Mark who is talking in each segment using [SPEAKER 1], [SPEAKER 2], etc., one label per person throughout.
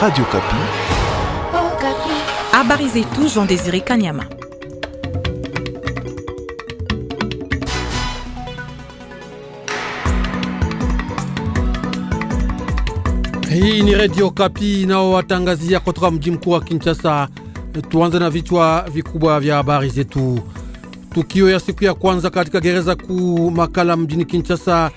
[SPEAKER 1] Radio Kapi. Oh, Kapi. Habari zetu Jean Désiré
[SPEAKER 2] Kanyama.
[SPEAKER 3] Hii ni Radio Kapi watangazia kutoka mji mkuu wa Kinshasa. Tuanze na vichwa vikubwa vya habari zetu. Tukio ya siku ya kwanza katika gereza kuu Makala mjini Kinshasa,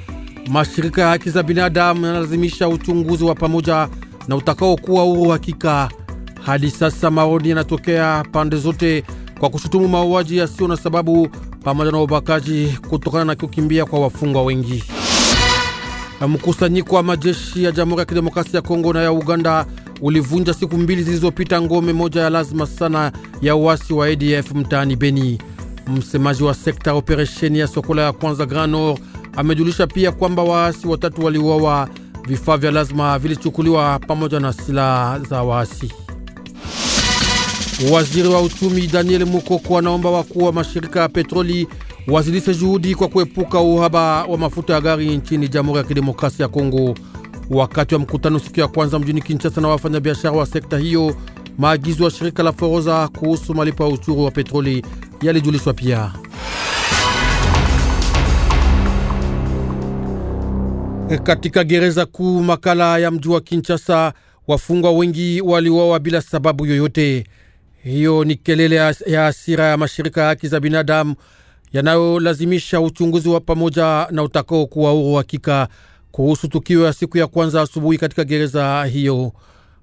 [SPEAKER 3] mashirika ya haki za binadamu yanalazimisha uchunguzi wa pamoja na utakaokuwa huru hakika. Hadi sasa maoni yanatokea pande zote kwa kushutumu mauaji yasiyo na sababu pamoja na ubakaji kutokana na kukimbia kwa wafungwa wengi. Mkusanyiko wa majeshi ya Jamhuri ya Kidemokrasia ya Kongo na ya Uganda ulivunja siku mbili zilizopita ngome moja ya lazima sana ya uasi wa ADF mtaani Beni. Msemaji wa sekta operesheni ya Sokola ya kwanza Grand Nord amejulisha pia kwamba waasi watatu waliuawa Vifaa vya lazima vilichukuliwa pamoja na silaha za waasi. Waziri wa uchumi Daniel Mukoko anaomba wakuu wa mashirika ya petroli wazidishe juhudi kwa kuepuka uhaba wa mafuta ya gari nchini Jamhuri ya Kidemokrasia ya Kongo. Wakati wa mkutano siku ya kwanza mjini Kinshasa na wafanyabiashara wa sekta hiyo, maagizo ya shirika la forodha kuhusu malipo ya uchuru wa petroli yalijulishwa pia. Katika gereza kuu makala ya mji wa Kinshasa, wafungwa wengi waliuawa bila sababu yoyote. Hiyo ni kelele ya hasira ya mashirika ya haki za binadamu yanayolazimisha uchunguzi wa pamoja na utakao kuwa huru hakika kuhusu tukio ya siku ya kwanza asubuhi katika gereza hiyo.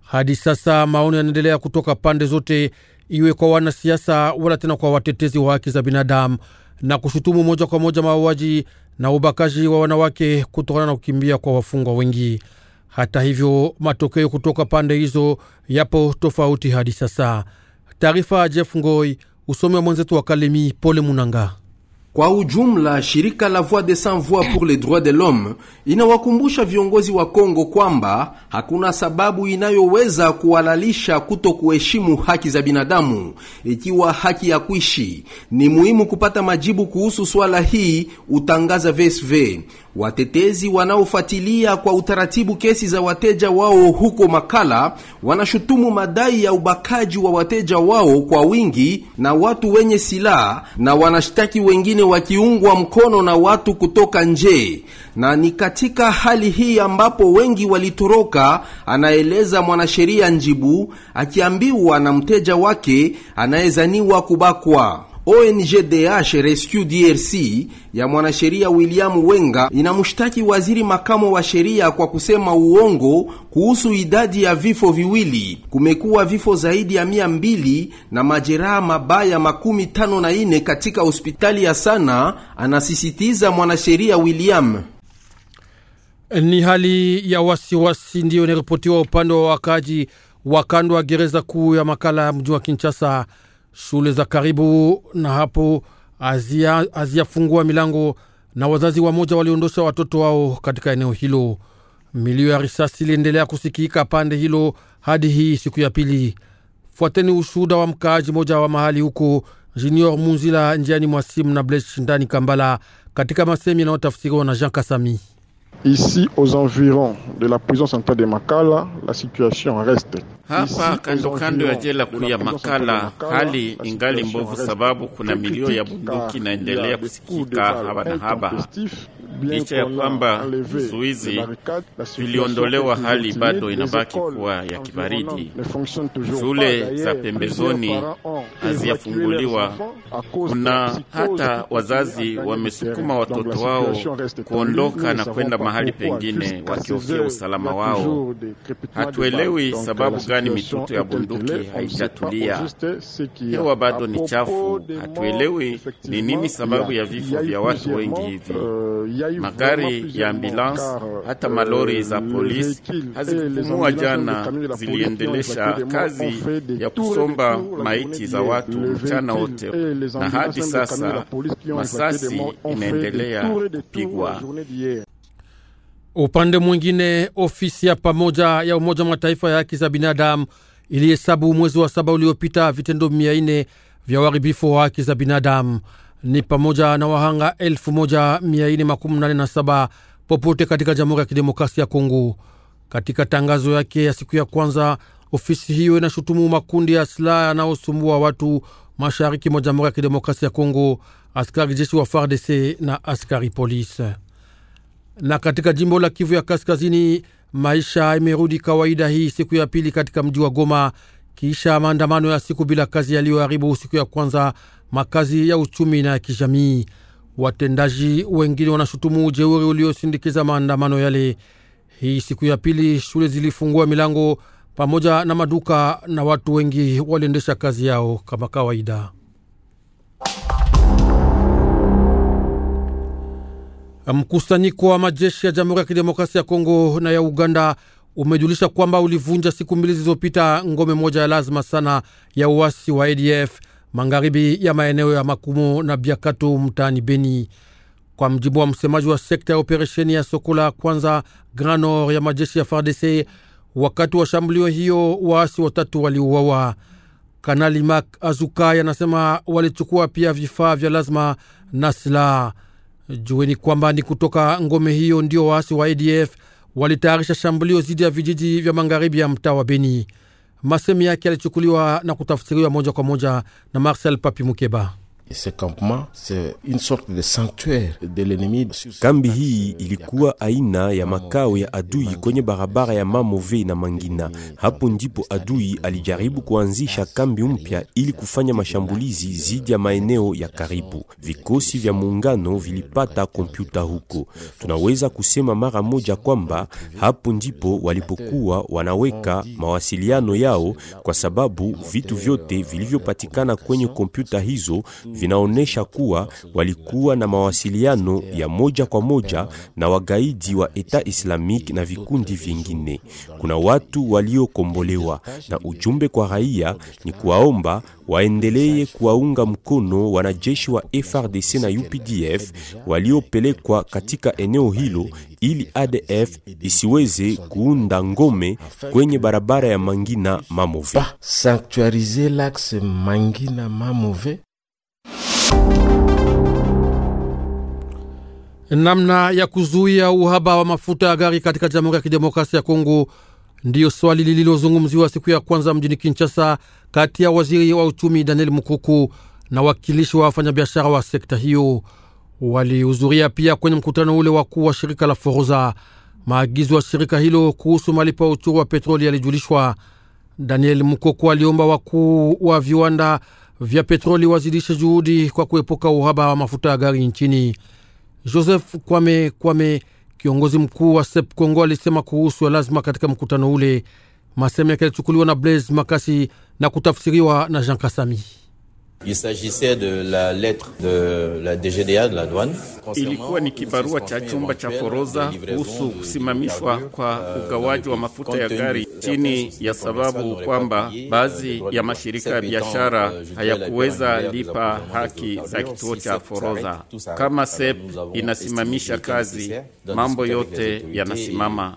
[SPEAKER 3] Hadi sasa maoni yanaendelea kutoka pande zote, iwe kwa wanasiasa wala tena kwa watetezi wa haki za binadamu na kushutumu moja kwa moja mauaji na ubakaji wa wanawake kutokana na kukimbia kwa wafungwa wengi. Hata hivyo, matokeo kutoka pande hizo yapo tofauti hadi sasa. Taarifa ya Jeff Ngoi, usomi wa mwenzetu wa Kalemi, Pole Munanga.
[SPEAKER 4] Kwa ujumla, shirika la Voix des Sans Voix pour les droits de l'homme inawakumbusha viongozi wa Kongo kwamba hakuna sababu inayoweza kuwalalisha kuto kuheshimu haki za binadamu, ikiwa haki ya kuishi. Ni muhimu kupata majibu kuhusu swala hii, utangaza VSV. Watetezi wanaofuatilia kwa utaratibu kesi za wateja wao huko Makala wanashutumu madai ya ubakaji wa wateja wao kwa wingi na watu wenye silaha na wanashtaki wengine wakiungwa mkono na watu kutoka nje, na ni katika hali hii ambapo wengi walitoroka, anaeleza mwanasheria Njibu akiambiwa na mteja wake anayezaniwa kubakwa. ONGDH Rescue DRC ya mwanasheria William Wenga inamshtaki waziri makamo wa sheria kwa kusema uongo kuhusu idadi ya vifo viwili. Kumekuwa vifo zaidi ya mia mbili na majeraha mabaya makumi tano na ine katika hospitali ya Sana, anasisitiza mwanasheria William.
[SPEAKER 3] Ni hali ya wasiwasi ndiyo inaripotiwa upande wa wakaji wa kando wa gereza kuu ya makala ya mji wa Kinshasa shule za karibu na hapo haziyafungua milango na wazazi wamoja waliondosha watoto wao katika eneo hilo. Milio ya risasi iliendelea kusikika pande hilo hadi hii siku ya pili. Fuateni ushuhuda wa mkaaji moja wa mahali huko Junior Munzila, njiani mwa simu na Blesh ndani Kambala, katika masemi yanayotafsiriwa na Jean Kasami.
[SPEAKER 5] Ici, aux environs de la prison centrale de Makala, la situation reste. Hapa kando kando ya jela kuu ya Makala hali ingali mbovu, sababu kuna milio ya bunduki inaendelea kusikika haba na haba. licha ya kwamba zuizi viliondolewa, hali bado inabaki kuwa ya kibaridi. Shule za pembezoni haziyafunguliwa Kuna hata wazazi wamesukuma watoto wao kuondoka na kwenda mahali pengine, wakihofia usalama wao. Hatuelewi sababu gani mituto ya bunduki haijatulia. Hewa bado ni chafu. Hatuelewi ni nini sababu ya vifo vya watu wengi hivi. Euh, Magari ya ambulance, hata malori za euh, polisi eh, hazikupumua jana, ziliendelesha kazi ya kusomba maiti za watu mchana wote, eh, na hadi sasa masasi inaendelea kupigwa.
[SPEAKER 3] Upande mwingine, ofisi ya pamoja ya Umoja wa Mataifa ya haki za binadamu ilihesabu mwezi wa saba uliopita vitendo mia nne vya uharibifu wa haki za binadamu ni pamoja na wahanga 1487 popote katika Jamhuri ya Kidemokrasia ya Kongo. Katika tangazo yake ya siku ya kwanza, ofisi hiyo inashutumu makundi ya silaha yanayosumbua watu mashariki mwa Jamhuri ya Kidemokrasia ya Kongo, askari jeshi wa FARDC na askari polisi. Na katika jimbo la Kivu ya Kaskazini, maisha imerudi kawaida hii siku ya pili katika mji wa Goma kisha maandamano ya siku bila kazi yaliyoharibu siku ya kwanza makazi ya uchumi na ya kijamii. Watendaji wengine wanashutumu ujeuri uliosindikiza maandamano yale. Hii siku ya pili shule zilifungua milango pamoja na maduka na watu wengi waliendesha kazi yao kama kawaida. Mkusanyiko wa majeshi ya Jamhuri ya Kidemokrasia ya Kongo na ya Uganda umejulisha kwamba ulivunja siku mbili zilizopita ngome moja ya lazima sana ya uasi wa ADF magharibi ya maeneo ya Makumo na Biakato mtaani Beni. Kwa mjibu wa msemaji wa sekta ya operesheni ya Sokola kwanza Grand Nord ya majeshi ya FARDC, wakati wa shambulio hiyo waasi watatu waliuawa. Kanali Mak Azukai anasema walichukua pia vifaa vya lazima na silaha. Jueni kwamba ni kutoka ngome hiyo ndio waasi wa ADF walitayarisha shambulio dhidi ya vijiji vya magharibi ya mtaa wa Beni. Masemi yake yalichukuliwa na kutafsiriwa moja kwa moja na Marcel Papi Mukeba.
[SPEAKER 1] Ce campement, c'est une sorte de sanctuaire de l'ennemi. Kambi hii ilikuwa aina ya makao ya adui kwenye barabara ya Mamove na Mangina. Hapo ndipo adui alijaribu kuanzisha kambi mpya ili kufanya mashambulizi zidi ya maeneo ya karibu. Vikosi vya muungano vilipata kompyuta huko. Tunaweza kusema mara moja kwamba hapo ndipo walipokuwa wanaweka mawasiliano yao, kwa sababu vitu vyote vilivyopatikana kwenye kompyuta hizo vinaonyesha kuwa walikuwa na mawasiliano ya moja kwa moja na wagaidi wa Eta Islamique na vikundi vingine. Kuna watu waliokombolewa, na ujumbe kwa raia ni kuwaomba waendelee kuwaunga mkono wanajeshi wa FRDC na UPDF waliopelekwa katika eneo hilo ili ADF isiweze kuunda ngome kwenye barabara ya Mangina Mamove.
[SPEAKER 3] Namna ya kuzuia uhaba wa mafuta ya gari katika Jamhuri ya Kidemokrasia ya Kongo ndiyo swali lililozungumziwa siku ya kwanza mjini Kinshasa kati ya waziri wa uchumi Daniel Mukuku na wakilishi wa wafanyabiashara wa sekta hiyo. Walihudhuria pia kwenye mkutano ule wakuu wa shirika la Foroza. Maagizo ya shirika hilo kuhusu malipo ya uchuru wa petroli yalijulishwa. Daniel Mukuku aliomba wakuu wa viwanda vya petroli wazidishe juhudi kwa kuepuka uhaba wa mafuta ya gari nchini. Joseph Kwame Kwame, kiongozi mkuu wa SEP Kongo, alisema kuhusu ya lazima katika mkutano ule. Maseme yake yalichukuliwa na Blaise Makasi na kutafsiriwa na Jean Kasami.
[SPEAKER 5] Il s'agissait de la lettre de la DGDA de la douane. Ilikuwa ni kibarua cha chumba cha forodha kuhusu kusimamishwa kwa euh, ugawaji wa mafuta ya gari chini ya sababu kwamba euh, baadhi ya mashirika ya biashara euh, hayakuweza lipa haki za kituo cha forodha. Kama SEP inasimamisha kazi, mambo yote yanasimama.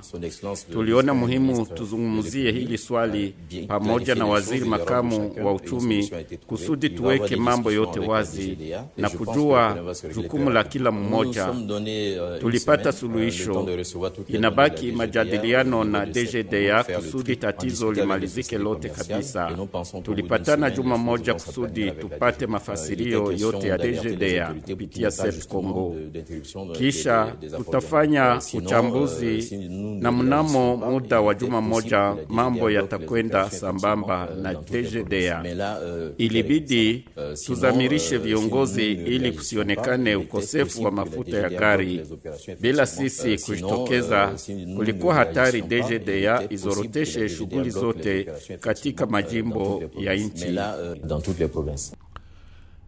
[SPEAKER 5] Tuliona muhimu tuzungumzie hili swali pamoja na waziri makamu wa uchumi kusudi tuwe tuweke mambo yote wazi na kujua jukumu la kila mmoja. Euh, Tulipata euh, suluhisho, inabaki majadiliano na DGDA kusudi tatizo limalizike lote kabisa. Tulipatana euh, juma moja kusudi tupate mafasirio yote ya DGDA kupitia SEP Congo, kisha tutafanya uchambuzi na mnamo muda wa juma moja mambo yatakwenda sambamba na DGDA. Ilibidi Eh, tuzamirishe eh, viongozi ili kusionekane ukosefu wa mafuta ya gari. Bila eh, sisi kujitokeza, kulikuwa hatari DGDA izoroteshe shughuli zote katika majimbo ya nchi.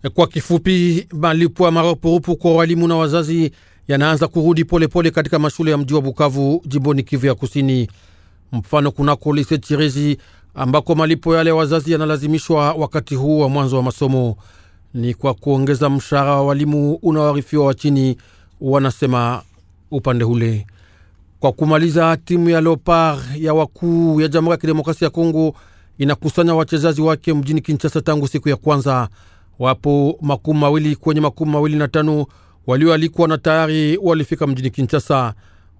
[SPEAKER 3] Euh, kwa kifupi, malipo ya marupurupu kwa walimu na wazazi yanaanza kurudi polepole pole katika mashule ya mji wa Bukavu, jimboni Kivu ya Kusini. Mfano kunako lise ambako malipo yale wazazi yanalazimishwa wakati huu wa mwanzo wa masomo ni kwa kuongeza mshahara wa walimu unaoarifiwa wa chini, wanasema upande ule. Kwa kumaliza, timu ya Leopard ya wakuu ya Jamhuri ya Kidemokrasia ya Kongo inakusanya wachezaji wake mjini Kinshasa tangu siku ya kwanza. Wapo makumi mawili kwenye makumi mawili na tano walioalikwa na tayari walifika mjini Kinshasa.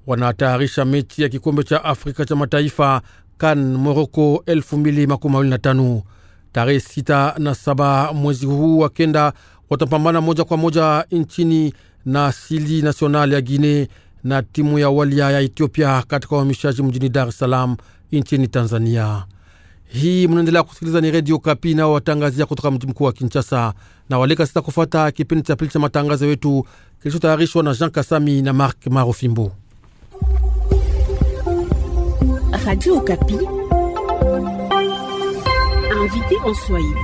[SPEAKER 3] Wanatayarisha mechi ya kikombe cha Afrika cha mataifa Kan Moroko 2025 tarehe sita na saba mwezi huu wa kenda watapambana moja kwa moja nchini na asili Nasional ya Guine na timu ya walia ya Ethiopia katika uhamishaji mjini Dar es Salaam nchini Tanzania. Hii mnaendelea kusikiliza ni Redio Kapi nao watangazia kutoka mji mkuu wa Kinshasa, na waleka sita kufuata kipindi cha pili cha matangazo yetu kilichotayarishwa na Jean Kasami na Mark Marofimbo.
[SPEAKER 1] Radio Okapi. Invité en Swahili.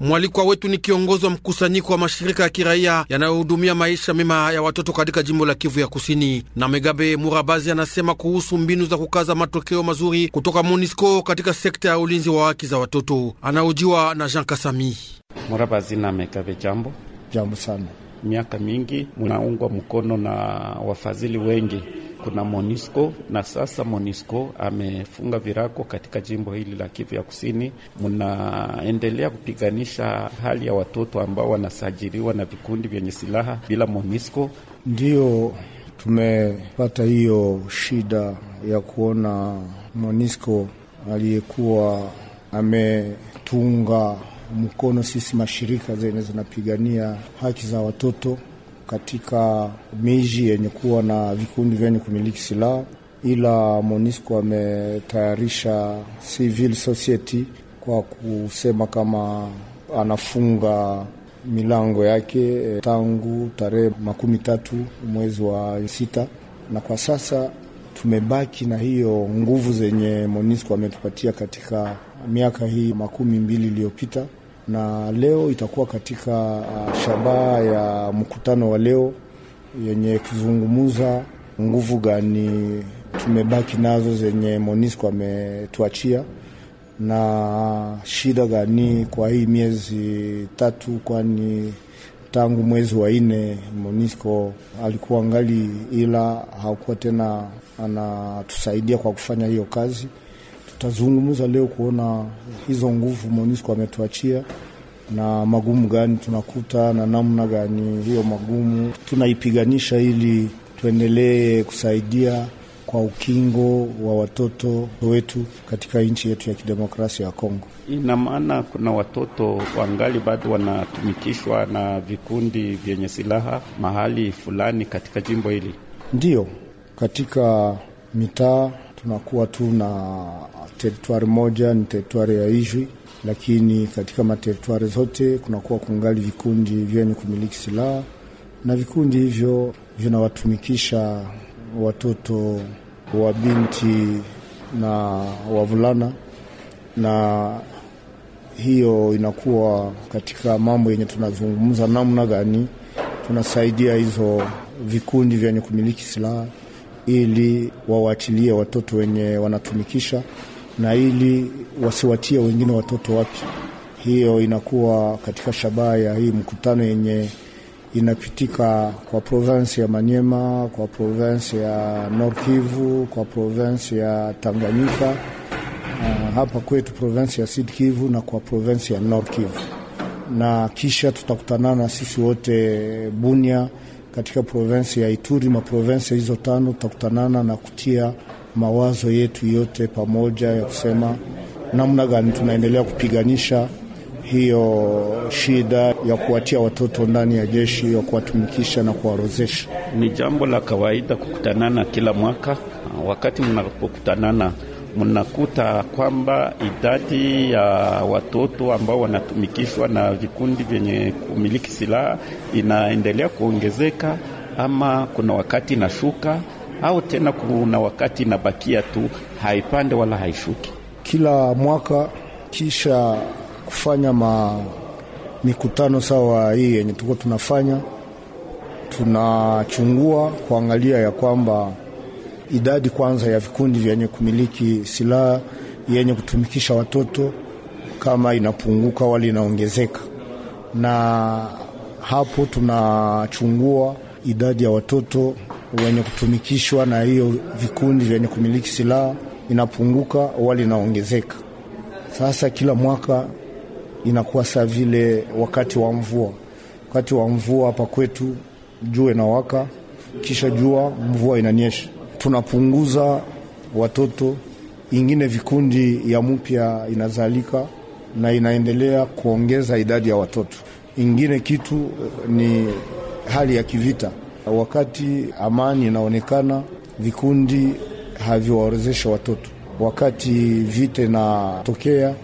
[SPEAKER 3] Mwalikwa wetu ni kiongozi wa mkusanyiko wa mashirika ya kiraia yanayohudumia maisha mema ya watoto katika jimbo la Kivu ya Kusini. Na Megabe Murabazi anasema kuhusu mbinu za kukaza matokeo mazuri kutoka MONUSCO katika sekta ya ulinzi wa haki za watoto. Anahojiwa na Jean Kasami.
[SPEAKER 5] Murabazi na Megabe, jambo. Jambo sana. Miaka mingi munaungwa mkono na wafadhili wengi kuna MONUSCO na sasa MONUSCO amefunga virako katika jimbo hili la Kivu ya Kusini. Mnaendelea kupiganisha hali ya watoto ambao wanasajiliwa na vikundi vyenye silaha bila MONUSCO,
[SPEAKER 2] ndiyo tumepata hiyo shida ya kuona MONUSCO aliyekuwa ametunga mkono sisi mashirika zenye zinapigania haki za watoto katika miji yenye kuwa na vikundi vyenye kumiliki silaha, ila MONUSCO ametayarisha civil society kwa kusema kama anafunga milango yake eh, tangu tarehe makumi tatu mwezi wa sita, na kwa sasa tumebaki na hiyo nguvu zenye MONUSCO ametupatia katika miaka hii makumi mbili iliyopita na leo itakuwa katika uh, shabaha ya mkutano wa leo yenye kuzungumza nguvu gani tumebaki nazo zenye Monisco ametuachia na shida gani kwa hii miezi tatu, kwani tangu mwezi wa nne Monisco alikuwa ngali, ila hakuwa tena anatusaidia kwa kufanya hiyo kazi tutazungumza leo kuona hizo nguvu MONUSCO ametuachia na magumu gani tunakuta na namna gani hiyo magumu tunaipiganisha ili tuendelee kusaidia kwa ukingo wa watoto wetu katika nchi yetu ya kidemokrasia ya Kongo.
[SPEAKER 5] Ina maana kuna watoto wangali bado wanatumikishwa na vikundi vyenye silaha mahali fulani katika jimbo hili,
[SPEAKER 2] ndiyo katika mitaa tunakuwa tu na teritwari moja, ni teritwari ya Ijwi, lakini katika materitwari zote kunakuwa kungali vikundi vyenye kumiliki silaha na vikundi hivyo vinawatumikisha watoto wa binti na wavulana, na hiyo inakuwa katika mambo yenye tunazungumza, namna gani tunasaidia hizo vikundi vyenye kumiliki silaha ili wawaachilie watoto wenye wanatumikisha na ili wasiwatie wengine watoto wapya. Hiyo inakuwa katika shabaha ya hii mkutano yenye inapitika kwa provensi ya Manyema, kwa provensi ya Nord Kivu, kwa provensi ya Tanganyika, uh, hapa kwetu provensi ya Sud Kivu na kwa provensi ya Nord Kivu, na kisha tutakutanana sisi wote Bunia katika provensi ya Ituri, maprovensi hizo tano, tutakutanana na kutia mawazo yetu yote pamoja ya kusema namna gani tunaendelea kupiganisha hiyo shida ya kuwatia watoto ndani ya jeshi ya kuwatumikisha na kuwarozesha. Ni jambo
[SPEAKER 5] la kawaida kukutanana kila mwaka. Wakati mnapokutanana mnakuta kwamba idadi ya watoto ambao wanatumikishwa na vikundi vyenye kumiliki silaha inaendelea kuongezeka, ama kuna wakati inashuka au tena kuna wakati inabakia tu, haipande wala
[SPEAKER 2] haishuki. Kila mwaka kisha kufanya ma mikutano sawa hii yenye tuko tunafanya, tunachungua kuangalia ya kwamba idadi kwanza ya vikundi vyenye kumiliki silaha yenye kutumikisha watoto kama inapunguka wala inaongezeka, na hapo tunachungua idadi ya watoto wenye kutumikishwa na hiyo vikundi vyenye kumiliki silaha inapunguka wala inaongezeka. Sasa kila mwaka inakuwa saa vile wakati wa mvua. Wakati wa mvua hapa kwetu jua inawaka, kisha jua mvua inanyesha tunapunguza watoto ingine, vikundi ya mpya inazalika na inaendelea kuongeza idadi ya watoto ingine. Kitu eh, ni hali ya kivita. Wakati amani inaonekana, vikundi haviwaorezesha watoto. Wakati vita inatokea,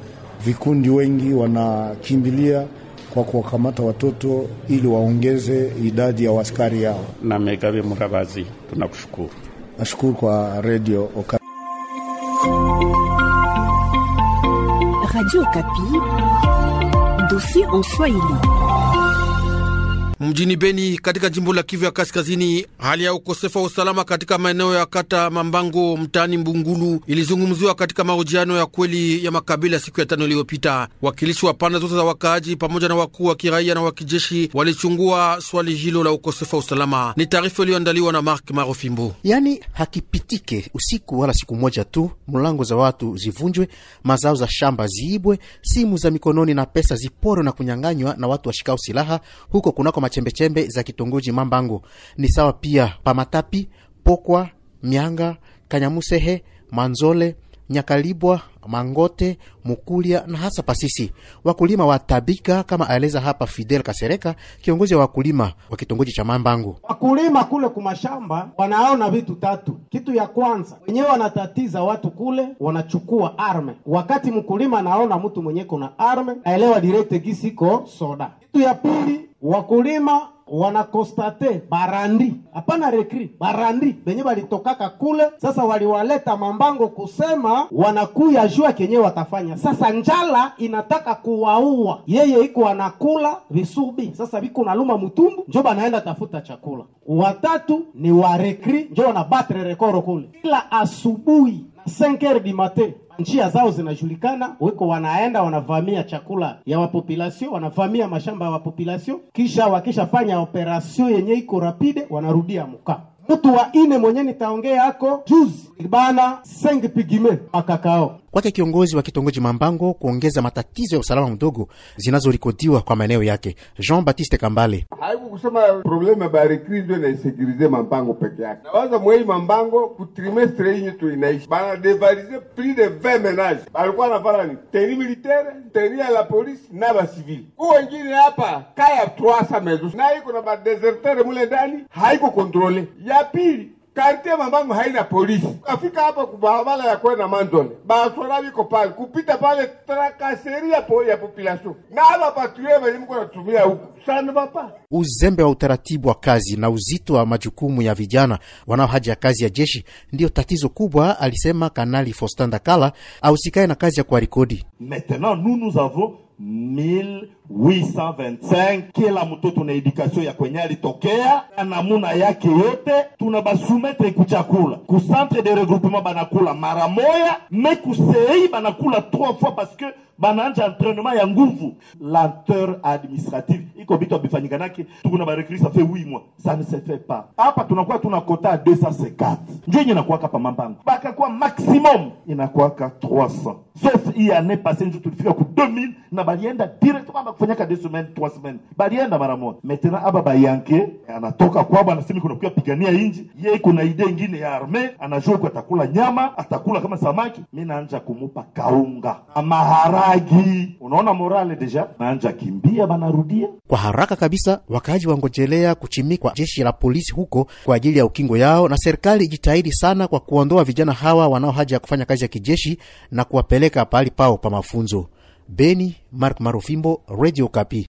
[SPEAKER 2] vikundi wengi wanakimbilia kwa kuwakamata watoto ili waongeze idadi ya waskari yao.
[SPEAKER 5] Na Megabe Murabazi,
[SPEAKER 2] tunakushukuru. Nashukuru kwa Radio Okapi.
[SPEAKER 1] Radio Okapi, dossier en Swahili.
[SPEAKER 3] Mjini Beni katika jimbo la Kivu ya Kaskazini, hali ya ukosefu wa usalama katika maeneo ya kata Mambango mtaani Mbungulu ilizungumziwa katika mahojiano ya kweli ya makabila siku ya tano iliyopita. Wakilishi wa pande zote za wakaaji pamoja na wakuu wa kiraia na wa kijeshi walichungua swali hilo la ukosefu wa usalama. Ni taarifa iliyoandaliwa na Mark Marofimbo.
[SPEAKER 6] Yani hakipitike usiku wala siku moja tu, mlango za watu zivunjwe, mazao za shamba ziibwe, simu za mikononi na pesa ziporwe na kunyang'anywa na watu washikao silaha huko kunako chembechembe za kitongoji Mambango ni sawa pia Pamatapi, Pokwa, Mianga, Kanyamusehe, Manzole Nyakalibwa, Mangote, Mukulia na hasa Pasisi. Wakulima watabika kama aeleza hapa Fidel Kasereka, kiongozi wa wakulima wa kitongoji cha Mambangu. Wakulima kule kumashamba wanaona vitu tatu. Kitu ya kwanza, wenyewe wanatatiza watu kule, wanachukua arme. Wakati mkulima anaona mtu mwenyeko na arme, naelewa direte gisiko soda. Kitu ya pili, wakulima wanakonstate barandi, hapana rekri, barandi benye balitokaka kule. Sasa waliwaleta mambango kusema wanakuya jua kenye watafanya. Sasa njala inataka kuwaua, yeye iko anakula visubi, sasa viko naluma mtumbu, njo banaenda tafuta chakula. Watatu ni warekri, njo wanabatre rekoro kule kila asubuhi 5 heures du matin njia zao zinajulikana, weko wanaenda wanavamia chakula ya wapopulasio, wanavamia mashamba ya wapopulasio, kisha wakishafanya operasio yenye iko rapide, wanarudia mkaa. Mtu wa ine mwenye nitaongea ako juzi ibana sengi pigime makakao kwake kiongozi wa kitongoji Mambango kuongeza matatizo ya usalama mdogo zinazorikodiwa kwa maeneo yake. Jean Baptiste Kambale
[SPEAKER 5] haiku kusema probleme ya barekri ndio inaisekirize Mambango peke yake. nawaza mwei Mambango kutrimestre inye tu inaishi bana devalize plus de 20 menage balikuwa navala ni teni militaire teni ya la polisi na basivili ku wengine hapa kaya 300 mezo na iko na badeserter mule ndani haiko kontrole ya pili Kartie mamangu haina polisi. Kafika hapa kubarabara ya kwenda Mandone, basora biko pale kupita pale trakaseria po ya population na hapa patue velimko natumia huku sana papa.
[SPEAKER 6] Uzembe wa utaratibu wa kazi na uzito wa majukumu ya vijana wanaohaja ya kazi ya jeshi ndiyo tatizo kubwa, alisema Kanali Fostanda Kala ausikae na kazi ya kuwa rekodi.
[SPEAKER 4] Maintenant nous nous avons 1825 kila mtoto na edukasio ya kwenye alitokea na namuna yake yote, tuna basumetre kuchakula ku centre de regroupement banakula mara moya, me kusei banakula trois fois parce que banaanja entraînement ya nguvu lenteur administrative iko bitu abifanyikanaki tukuna barekrisa fe wi mwa ça ne se fait pas hapa tunakuwa tuna kota ya 250 njo yenye nakuwaka pa mambango
[SPEAKER 1] bakakuwa maximum
[SPEAKER 4] inakuwaka 300 sauf hii année passée njo tulifika ku 2000 na balienda directement bakufanyaka 2 semaines 3 semaines balienda mara moja maintenant aba bayanke anatoka kwabo anasemi kunakuya pigania inji ye kuna idea ingine ya arme anajua ku atakula nyama atakula kama samaki mi naanja kumupa kaunga amahara maji. Unaona morale deja naanja kimbia,
[SPEAKER 6] banarudia kwa haraka kabisa. Wakaaji wangojelea kuchimikwa jeshi la polisi huko kwa ajili ya ukingo yao, na serikali ijitahidi sana kwa kuondoa vijana hawa wanao haja ya kufanya kazi ya kijeshi na kuwapeleka pahali pao pa mafunzo. Beni, Mark Marofimbo, Radio Kapi.